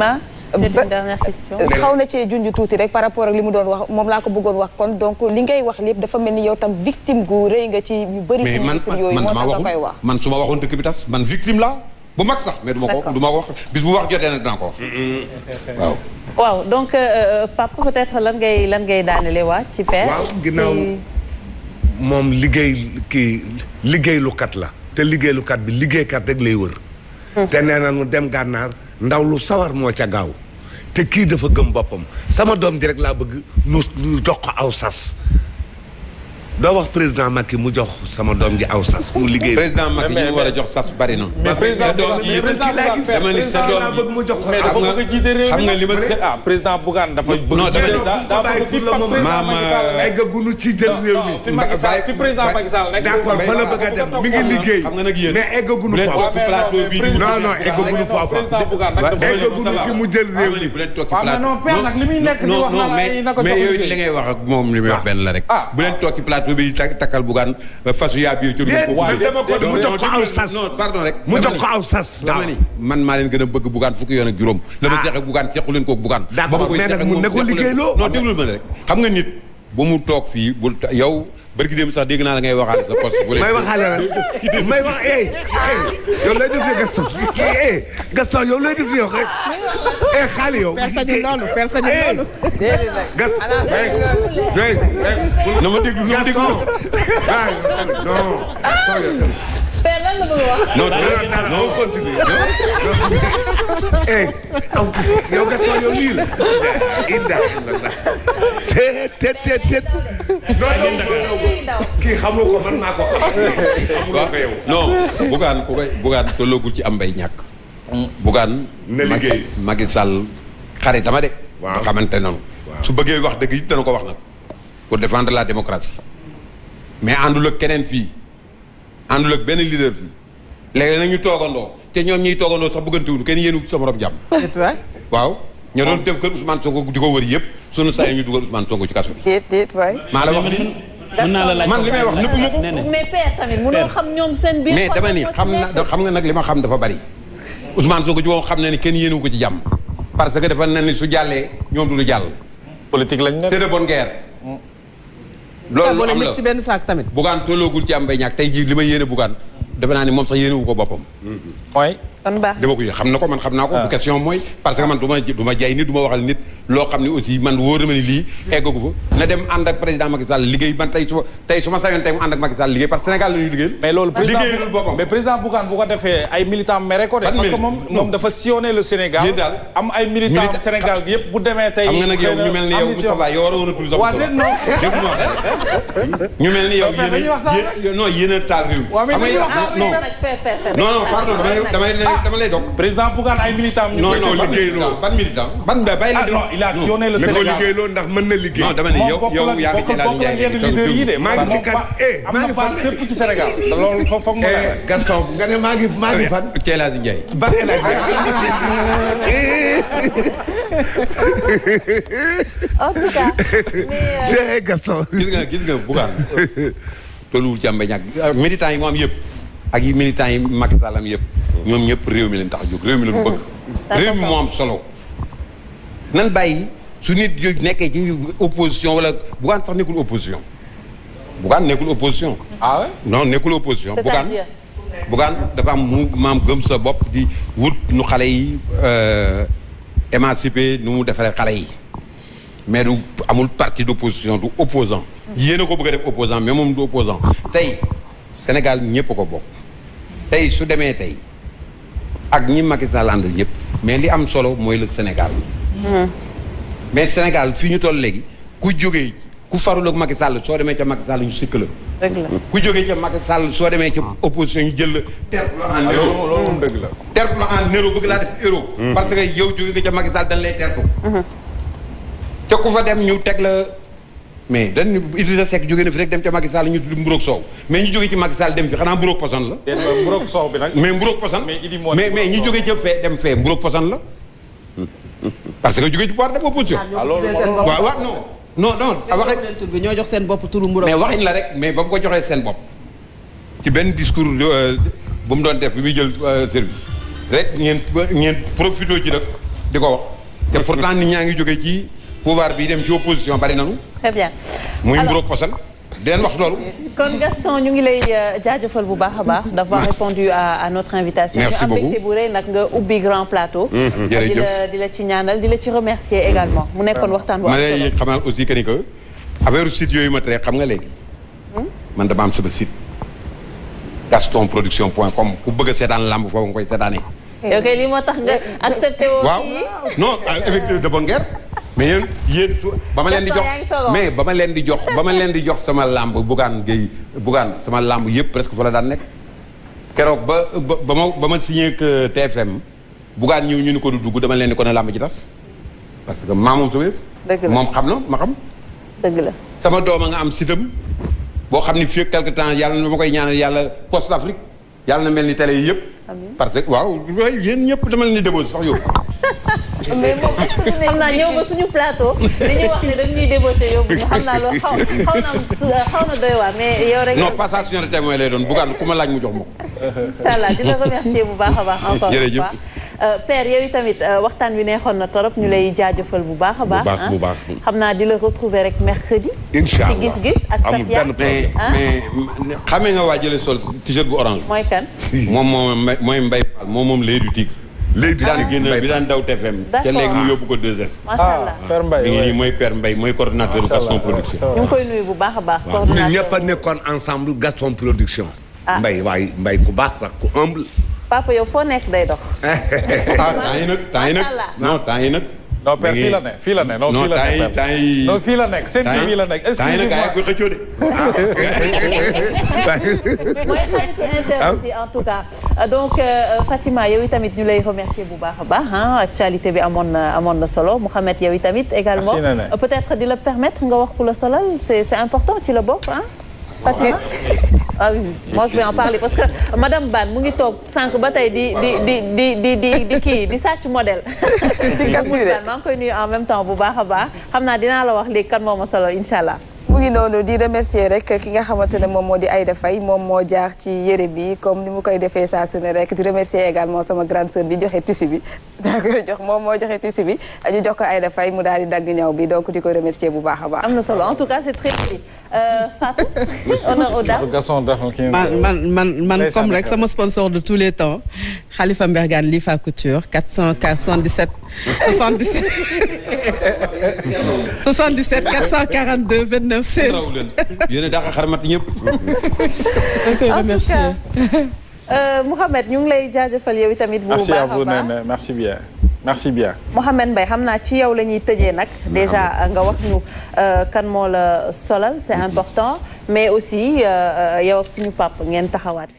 ma c'est euh, une euh, xaw na cee junj tuuti rek par rapport ak li mu doon wax moom laa ko bëggoon wax kon donc li ngay wax lépp dafa mel ni yow tam victime gu rëy nga ci yu bëri mais man yooyu moo wax man su ma waxoon dëkk bi tas man victime la bu mag sax mais du ko du ma ko wax bis bu wax jotee nag dinaa ko wax waaw donc euh, papa peut-être lan ngay lan ngay daanele waa ci père waaw ginnaaw moom liggéey kii liggéeylukat la te liggéeylukat bi liggéeykat rek lay wër te nee na dem gànnaar ndaw lu sawar moo ca gaaw te kii dafa gëm boppam sama doom ji rek laa bëgg mu jox ko aw sas doo wax président Macky mu jox sama doom ji aw sas mu liggéey. président Macky ñu war a jox sas bari na. mais président doom yi dama ni sa doom yi mais dafa bëgg a jiite réew mi xam nga li ma ah, ah président Bougane dafa bëgg a jiite daa bëgg fi Macky Sall nekk gunu ci jël réew mi. fi Macky Sall fi président Macky Sall nekk. d'accord fa la bëgg a dem mi ngi liggéey. xam nga nag yéen mais eggagunu foofu plateau bi non non eggagunu foofu eggagunu ci mu jël réew mi. bu leen tokki plateau non non mais yooyu li ngay wax ak moom li muy wax benn la rek bu leen tokki plateau bi takkal bugaan euh, fas yaa biir. ci biir dama ko mu jox ko aw sas. non man maa leen gën a bëgg bugaan fukki yoon ak juróom. la ah. ma jeexee bugaan jeexu leen koog bugaan. ba ma koy jeexee moom jeexu leen non déglul ma rek xam nga nit bu mu toog fii yow bërki dem sax dégg naa la ngay waxaale sa poste. may waxaale la may wax eh eh yow lay def Gaston eh, eh Gaston yow lay def yow rek eh, eh xaali yow. personne noonu personne eh, noonu. déedéet rek. na ma déglu na ma déglu ah, non. lan la bëgg a wax. non ci am mbay ñàkk. Bougane. na liggéey Macky Sall xaritama de. waaw xamante noonu. su bëggee wax dëgg it dana ko wax nag. pour défendre la démocratie. mais àndul keneen fii. àndul ak benn leader fii léeg-léeg nag ñu toogandoo te ñoom ñuy toogandoo sax bëggantewul kenn yéenu sa morom jàmm waaw ñoo doon def kër Ousmane Sonko di ko wër yëpp sunu saa yi ñu dugal Ousmane Sonko ci kaso bi déet déet waay la wax mën may wax nëbb ma ko mais père tamit ñoom seen biir mais dama ni xam na xam nga nag li ma xam dafa bari Ousmane ko ci moom xam na ni kenn yéenu ko ci jàmm parce que dafa na ni su jàllee ñoom du lu jàll politique lañ ne c'est de bonne guerre mm. loolu am la ci benn saak tamit. bugaan tolloogul ci am ba ñàkk tey jii li may yéene buggaan defe naa ni moom sax yéene ko boppam. kon ko yëg xam na ko man xam naa ko. Ah. question mooy parce que man du ma jaay nit du ma waxal nit loo xam ne aussi man wóor na ma ni lii fa na dem ànd ak président Macky liggéey man tey su ma tey tey mu ànd ak Macky liggéey parce que Sénégal la ñuy loolu président mais président Bougane bu ko defee ay militants mere ko de. yow ñu mel ni yow Moustapha yow waroon yow yéen a non yéen a dama lay dog président Bougane ay militant ñu non non liggéeyloo ban militant ban bàyyi ah, la a sillonné ndax mën na liggéey non dama ni yow yow yaa ngi ci daal leader yi de maa ngi ci kat eh maa ngi fan fépp ci Sénégal loolu foog foog ma eh, la Gaston nga ne maa ngi maa ngi fan ci ba El Hadji euh, Gaston gis nga gis nga Bougane tolluwul ci am ba ñàkk ah, militant yi yëpp ak yi militants yi Macky Sall am yëpp mm. ñoom ñëpp réew mi leen tax jóg réew mi lañu mm. bëgg réew mi moo am solo nan bàyyi su nit yu nekkee ci opposition wala Bougane sax nekkul opposition Bougane ah ouais non nekkul opposition dafa am mouvement gëm sa bopp di wut nu xale yi euh, émancipé nu mu defaree xale yi mais du amul parti d'opposition du opposant mm. yéen ko bëgg a def opposant mais moom du opposant tey Sénégal ñëpp ko bokk tey su demee tey ak ñi Macky Sall àndal ñëpp mais li am solo mooy le Sénégal. Hmm. mais Sénégal fi ñu toll léegi ku jógee ku farul ak Macky soo demee ca Macky Sall ñu sikk la. dëgg la ku jógee ca Macky Sall soo demee ca opposition ñu jël la. la en euro loolu moom la. terp la en euro bëgg def euro. Hmm. parce que yow jógee nga ca Macky Sall dañ lay terp. Hmm. te ku fa dem ñu teg la. mais dañ ne Idrissa Seck jógee na fi rek dem ca Macky Sall ñu tudd mburoog soow mais ñu jógee ci Macky Sall dem fi xanaa mburoog poson la. déedéet waaw mais mburoog poson mais mais poson la. parce que jógee ci pouvoir def opposition. Ah, waaw waaw non. non non waxee tur bi ñoo jox seen bopp turu mburoog. mais waxin la rek mais ba mu ko joxee seen bopp. ci benn discours euh, bu mu doon def bi muy jël euh, service. rek ngeen ngeen profité ci nag di ko wax. te pourtant nit ñaa ngi jógee ci. pouvoir bi dem ci opposition bari nanu très bien muy mburoog posal den wax loolu. kon Gaston ñu ngi lay euh, jaajëfal bu baax a baax. Mm-hmm. d'avoir répondu à à notre invitation. merci beaucoup ñu am bu rëy nag nga ubbi grand plateau. jërëjëf mm-hmm. di la di la ci ñaanal di la ci remercier également. mu nekkoon waxtaan bu am solo ma lay xamal aussi que ni que yooyu ma tere xam nga léegi. Hmm? man dama am sama site. gaston production point com ku bëgg a seetaan lamb foofu nga koy seetaanee. ok li moo tax nga accepté ah, de bonne guerre. mais yéen yéen su ba ma leen di jox mais ba ma leen di jox ba ma leen di jox sama làmb bugaan gay bugaan sama làmb yëpp presque fa la daan nekk keroog ba ba ma ba ma signé ak euh, TFM bugaan ñëw ñu ni ko du dugg dama leen di kon ne làmb ji tas parce que maa moom sama moom xam na ma xam dëgg la sama doom a nga am sitam boo xam ni fii ak quelque temps yàlla na ma koy ñaanal yàlla post Afrique yàlla na mel ni télé yi yëpp parce que waaw yéen ñëpp dama leen di demoon sax mais moom est-ce que dinañ xam naa ñëw ba plateau dañuy wax ne dañ ñuy débauché yóbbu ñu xam na xaw na doy waar mais yow rek non passation de témoin lay doon bugaan ku ma laaj mu jox ma ko allah di la remercier bu baax a baax encore une fois euh, Père yooyu tamit euh, waxtaan wi neexoon na torop ñu lay jaajëfal bu baax a baax bu baax xam naa di la retrouver rek mercredi incha allah ci gis-gis ak Safia mais mais xamee nga waa jële sol t du tigre léegi bi daan daw TFM. te léegi mu yóbbu ko 2S. Ah, macha allah Père Mbaye mi ngi nii mooy per mbay mooy coordonnateur Gaston production. ñu ngi koy bu baax a baax. coordonnateur ñun ñëpp a nekkoon ensemble Gaston production. ah Mbaye waay mbay ku baax sax ku humble. papa yow foo nekk day dox. ah temps yi nag temps yi nag non yi nag. non père fii la ne fii la ne non fii la ne non temps yi non fii la nekk seen fii la nekk. temps yi la gars yi koy xëccoo de. mooy xaritu internet yi en tout cas donc Fatima yow itamit ñu lay remercier bu baax a baax actualité bi amoon na amoon na solo Mouhamed yow itamit également peut-être di la permettre nga wax ku la solal c'est c'est important ci la bokk ah. Fatima ah oui moi je vais en parce que madame Ban mu ngi toog sànq ba tey di di di di di di di kii di sàcc modèle. di capturé maa ngi koy nuyu en même temps bu baax a baax xam naa dinaa la wax léegi kan moo ma solo incha allah. mu ngi noonu di remercier rek ki nga xamante ne moom moo di Aïda Faye moom moo jaar ci yëre bi comme ni mu koy defee saa su ne rek di remercier également sama grande sœur bi joxe tissu bi daa koy jox moom moo joxe tissu bi ñu jox ko ay Faye mu daal di dagg ñaw bi donc di ko remercier bu baax a baax. am na solo en tout cas c'est très joli euh, Fatou honneur aux dames. man man man man comme rek sama sponsor de tous les temps Khalifa Mbergane Lifa Couture 477. 77. 77 442 29 16. yéen a dàqa xarmat ñëpp. merci en tout cas euh, Mouhamed ñu ngi lay jaajëfal yow tamit. bu baax a baax merci à vous Nene merci bien. xam naa ci yow la ñuy tëjee nag déjà nga wax ñu euh, kan moo la solal c'est important mais aussi euh, yow sunu suñu ngeen taxawaat fii